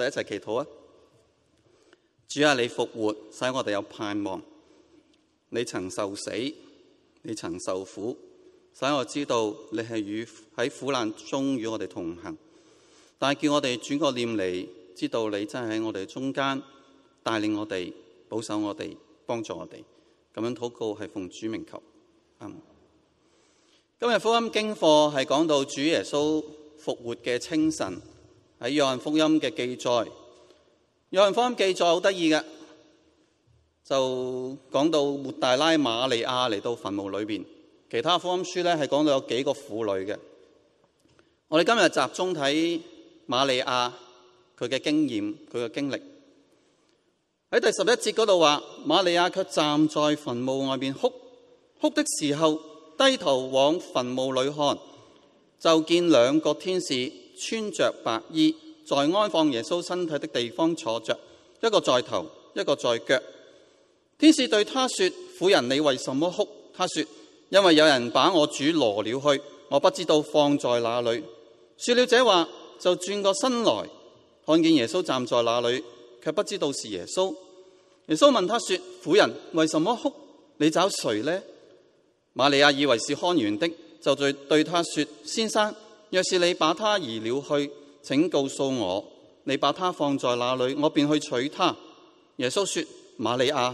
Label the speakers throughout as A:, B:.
A: 我哋一齊祈禱啊！主啊，你復活，使我哋有盼望。你曾受死，你曾受苦，使我知道你係與喺苦難中與我哋同行。但係叫我哋轉個念嚟，知道你真係喺我哋中間帶領我哋、保守我哋、幫助我哋。咁樣禱告係奉主名求啱唔？今日福音經課係講到主耶穌復活嘅清晨。喺《約翰福音》嘅記載，《約翰福音》記載好得意嘅，就講到抹大拉瑪利亞嚟到墳墓裏邊。其他福音書咧係講到有幾個婦女嘅。我哋今日集中睇瑪利亞，佢嘅經驗，佢嘅經歷。喺第十一節嗰度話：瑪利亞卻站在墳墓外邊哭，哭的時候低頭往墳墓裏看，就見兩個天使，穿着白衣，在安放耶穌身體的地方坐着，一個在頭，一個在腳。天使對他說：婦人，你為什麼哭？」他說：因為有人把我主挪了去，我不知道放在哪裏。了者說了這話，就轉過身來，看見耶穌站在那裏，卻不知道是耶穌。耶穌問他說：婦人，為什麼哭？你找誰呢？瑪利亞以為是看園的，就在對他說：先生。若是你把它移了去，請告訴我，你把它放在哪裏，我便去取它。耶穌說：瑪利亞，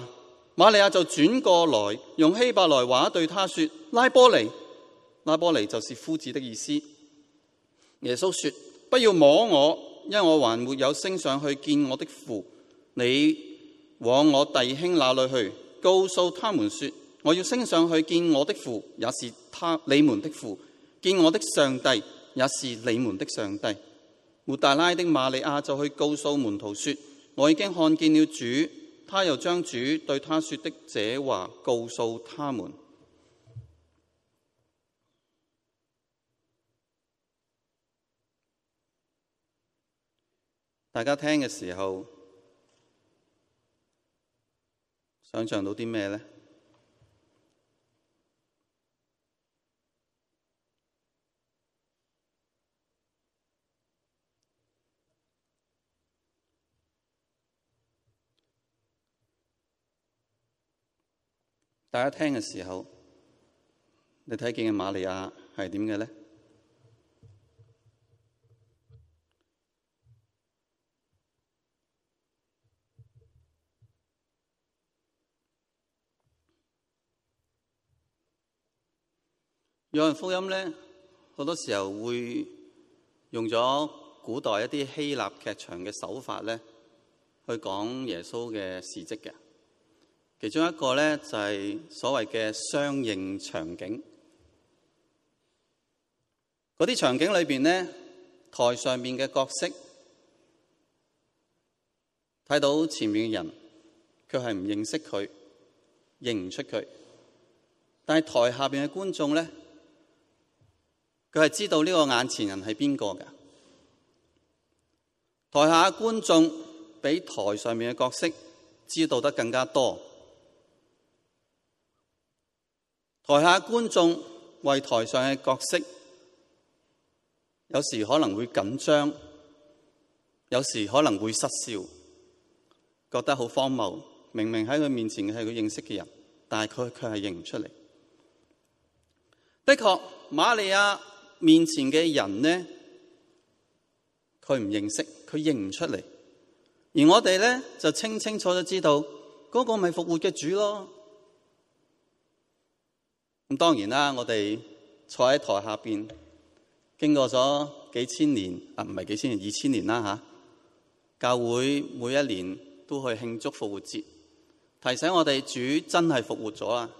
A: 瑪利亞就轉過來用希伯來話對他說：拉波尼，拉波尼就是夫子的意思。耶穌說：不要摸我，因為我還沒有升上去見我的父。你往我弟兄那裏去，告訴他們說：我要升上去見我的父，也是他你們的父，見我的上帝。也是你們的上帝。抹大拉的瑪利亞就去告訴門徒說：我已經看見了主，他又將主對他說的這話告訴他們。大家聽嘅時候，想象到啲咩呢？」大家聽嘅時候，你睇見嘅馬利亞係點嘅呢？《約翰福音》呢好多時候會用咗古代一啲希臘劇場嘅手法呢，去講耶穌嘅事蹟嘅。其中一個呢，就係所謂嘅相認場景，嗰啲場景裏面呢，台上面嘅角色睇到前面嘅人，佢係唔認識佢，認唔出佢。但係台下面嘅觀眾呢，佢係知道呢個眼前人係邊個㗎。台下嘅觀眾比台上面嘅角色知道得更加多。台下觀眾為台上嘅角色，有時可能會緊張，有時可能會失笑，覺得好荒謬。明明喺佢面前係佢認識嘅人，但係佢卻係認唔出嚟。的確，瑪利亞面前嘅人呢，佢唔認識，佢認唔出嚟。而我哋呢，就清清楚楚知道，嗰個咪復活嘅主囉。當然啦，我哋坐喺台下邊，經過咗幾千年，啊唔係幾千年，二千年啦吓。教會每一年都去慶祝復活節，提醒我哋主真係復活咗啊！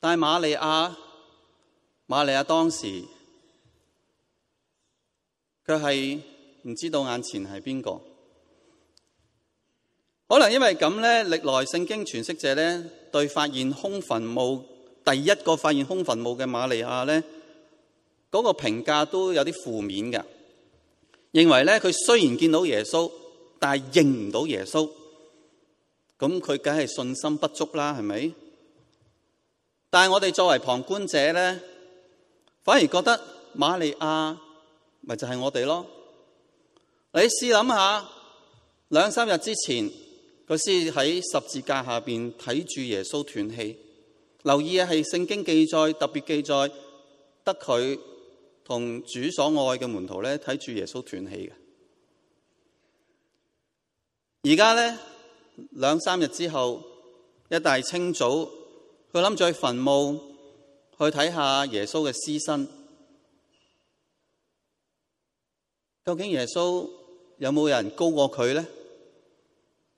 A: 但係瑪利亞，瑪利亞當時，佢係唔知道眼前係邊個。可能因為這樣，歷來聖經詮釋者咧對發現空墳墓，墓。第一個發現空墳墓嘅瑪利亞咧，嗰個評價都有啲負面嘅，認為咧佢雖然見到耶穌，但係認唔到耶穌，咁佢梗係信心不足啦，係咪？但係我哋作為旁觀者咧，反而覺得瑪利亞咪就係我哋咯。你試諗下，兩三日之前佢先喺十字架下邊睇住耶穌斷氣。留意嘅係聖經記載，特別記載得佢同主所愛嘅門徒呢，睇住耶穌斷氣嘅。而家呢兩三日之後，一大清早，佢諗住去墳墓去睇下耶穌嘅屍身，究竟耶穌有冇人高過佢呢？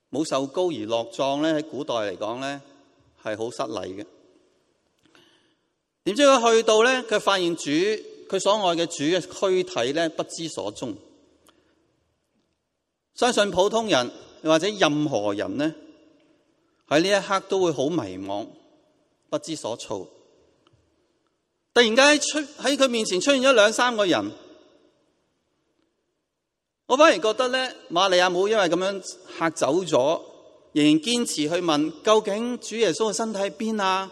A: 冇受高而落葬呢？喺古代嚟講呢係好失禮嘅。點知佢去到呢？佢發現主佢所愛嘅主嘅軀體呢，不知所蹤。相信普通人又或者任何人呢，喺呢一刻都會好迷茫，不知所措。突然間出喺佢面前出現咗兩三個人，我反而覺得呢，馬利亞冇因為咁樣嚇走咗，仍然堅持去問究竟主耶穌嘅身體喺邊啊？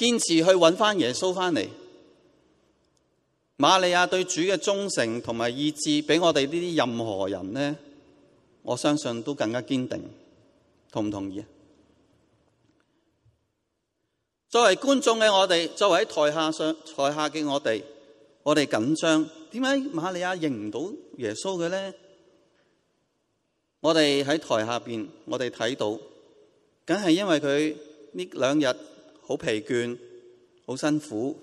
A: 堅持去搵返耶穌返嚟，瑪利亞對主嘅忠誠同埋意志，俾我哋呢啲任何人呢，我相信都更加堅定。同唔同意？作為觀眾嘅我哋，作為台下上台下嘅我哋，我哋緊張。點解瑪利亞認唔到耶穌嘅呢？我哋喺台下邊，我哋睇到，梗係因為佢呢兩日。好疲倦，好辛苦，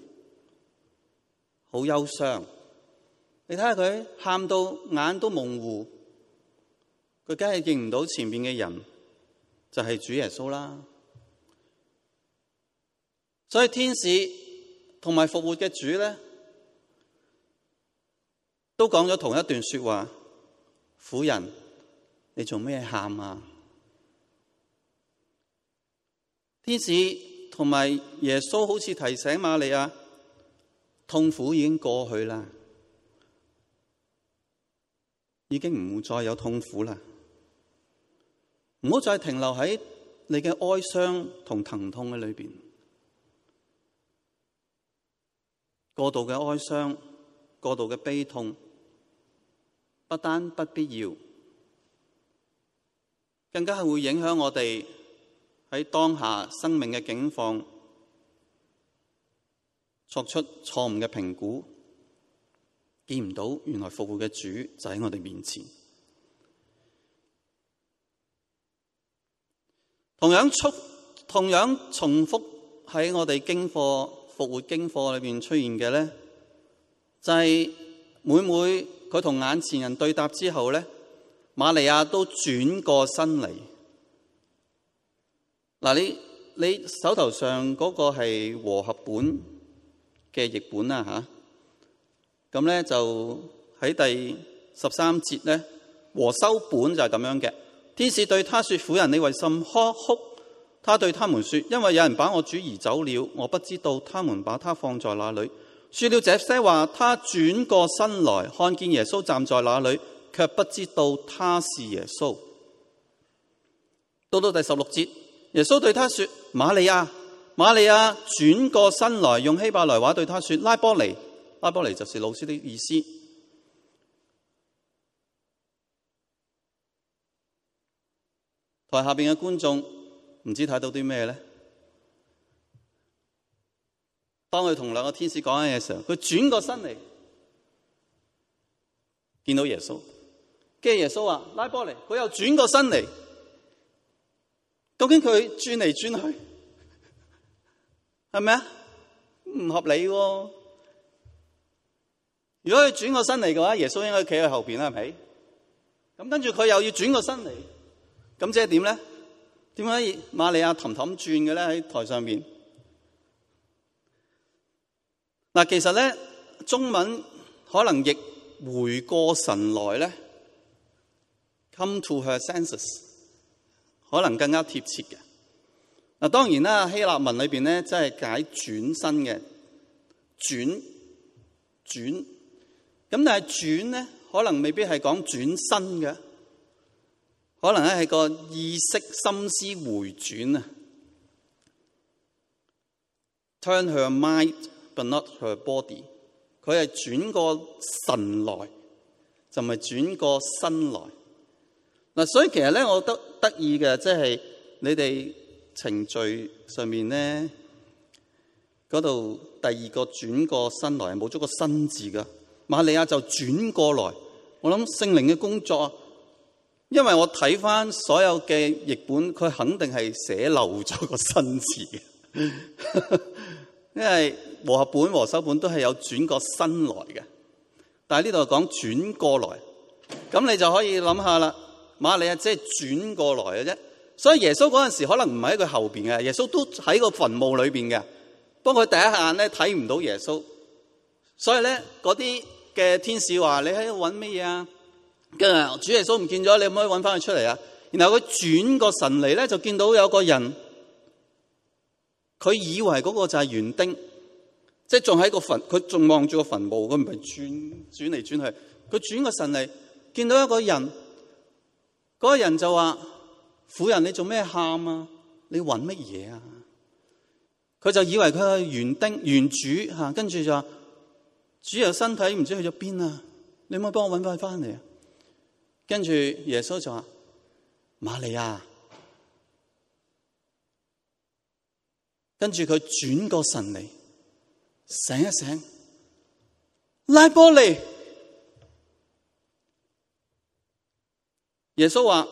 A: 好憂傷。你睇下佢喊到眼都蒙糊，佢梗係認唔到前面嘅人，就係、是、主耶穌啦。所以天使同埋復活嘅主咧，都講咗同一段說話，婦人，你做咩喊啊？天使。同埋耶穌好似提醒瑪利亞，痛苦已經過去啦，已經唔再有痛苦啦，唔好再停留喺你嘅哀傷同疼痛嘅裏邊，過度嘅哀傷、過度嘅悲痛，不單不必要，更加係會影響我哋，喺當下生命嘅境況，作出錯誤嘅評估，見唔到原來復活嘅主就喺我哋面前。同樣重同樣重複喺我哋經課復活經課裏邊出現嘅咧，就係每每佢同眼前人對答之後咧，瑪利亞都轉過身嚟。嗱，你你手頭上嗰個是和合本嘅譯本啊。咁咧就喺第十三節呢，和修本就是這樣嘅。天使對他說：婦人，你為什麼哭？他對他們說：因為有人把我主移走了，我不知道他們把他放在哪裡。了姐姐說了這些話，他轉過身來看見耶穌站在那裡，卻不知道他是耶穌。到到第十六節。耶穌對他說：瑪利亞，瑪利亞，轉過身來，用希伯來話對他說：拉波尼，拉波尼，就是老師的意思。台下邊嘅觀眾唔知睇到啲咩呢？當佢同兩個天使講緊嘢嘅時候，佢轉過身嚟，見到耶穌。跟住耶穌話：拉波尼。佢又轉過身嚟。究竟佢轉嚟轉去係咪啊？唔合理喎！如果佢轉過身嚟嘅話，耶穌應該企喺後邊啦，係咪？咁跟住佢又要轉過身嚟，咁即係點咧？點可以瑪利亞氹氹轉嘅咧？喺台上邊嗱，其實咧中文可能亦回過神來咧，Come to her senses。可能更加貼切嘅。當然啦，希臘文裏面呢，真係解轉身嘅。轉轉，但係轉呢，可能未必係講轉身嘅，可能係個意識心思回轉，turn her mind but not her body，佢係轉過神來，就唔係轉過身來。嗱，所以其實咧，我得得意嘅，即係你哋程序上面咧嗰度，第二個轉過身來冇咗個身字噶。瑪利亞就轉過來，我諗聖靈嘅工作，因為我睇翻所有嘅譯本，佢肯定係寫漏咗個身字嘅，因為和合本和修本都係有轉過身來嘅，但係呢度講轉過來，咁你就可以諗下啦。瑪利亞即係轉過來嘅啫，所以耶穌嗰陣時可能唔係喺佢後面嘅。耶穌都喺個墳墓裏面嘅，不過佢第一下眼咧睇唔到耶穌，所以咧嗰啲嘅天使話：你喺度揾咩嘢啊？跟住主耶穌唔見咗，你可唔可以揾翻佢出嚟啊？然後佢轉個神嚟咧，就見到有個人，佢以為嗰個就係園丁，即係仲喺個墳，佢仲望住個墳墓，佢唔係轉轉嚟轉去。佢轉個神嚟，見到一個人。嗰、那個人就話：婦人你做咩喊啊？你揾乜嘢啊？佢就以為佢係園丁園主吓，跟住就話主人身體唔知去咗邊啊！你可唔可以幫我揾翻返翻嚟啊？跟住耶穌就話：瑪利亞，跟住佢轉過神嚟醒一醒，拉波尼。耶穌話：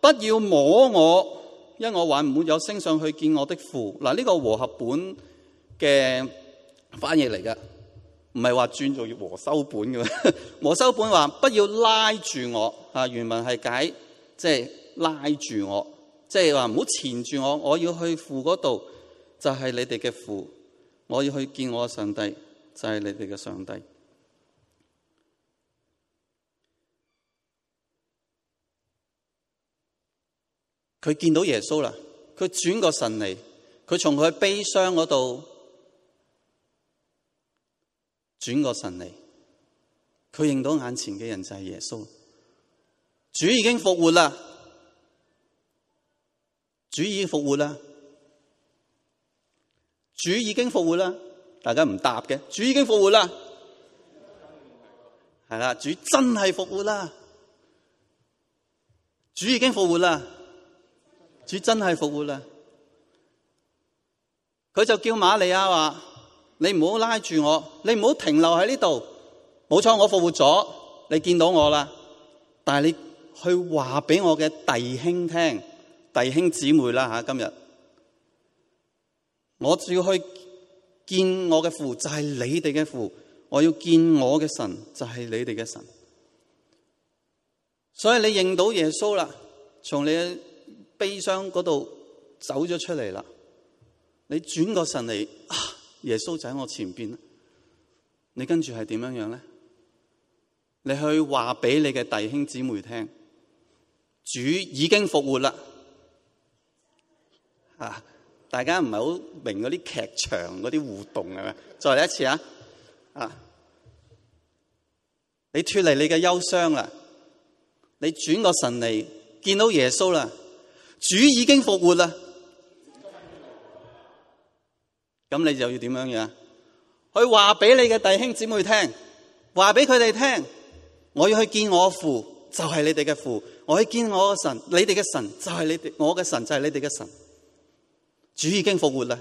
A: 不要摸我，因我還沒有升上去見我的父。嗱，呢個和合本嘅翻譯嚟噶，唔係話轉做和修本嘅。和修本話：不要拉住我。啊，原文係解，即係拉住我，即係話唔好纏住我。我要去父嗰度，就係你哋嘅父。我要去見我嘅上帝，就係你哋嘅上帝。佢見到耶穌喇佢轉過神嚟，佢從佢的悲傷嗰度轉過神嚟，佢認到眼前嘅人就係耶穌。主已經復活喇主已經復活喇主已經復活喇大家唔答嘅主已經復活喇係喇，主真係復活喇主已經復活喇主真係復活啦！佢就叫瑪利亞話：你唔好拉住我，你唔好停留喺呢度。冇錯，我復活咗，你見到我啦。但係你去話俾我嘅弟兄聽，弟兄姊妹啦吓，今日我要去見我嘅父，就係你哋嘅父；我要見我嘅神，就係你哋嘅神。所以你認到耶穌啦，從你悲傷嗰度走咗出嚟啦，你轉過神嚟，耶穌就喺我前邊，你跟住係點樣樣咧？你去話俾你嘅弟兄姊妹聽，主已經復活啦。啊，大家唔係好明嗰啲劇場嗰啲互動係咪？再嚟一次啊！啊，你脫離你嘅憂傷啦，你轉過神嚟見到耶穌啦。主已經復活了。咁你就要點樣樣？去話俾你嘅弟兄姊妹聽，話俾佢哋聽，我要去見我父，就係你哋嘅父；我要見我嘅神，你哋嘅神就係你哋我嘅神，就係你哋嘅神。主已經復活了。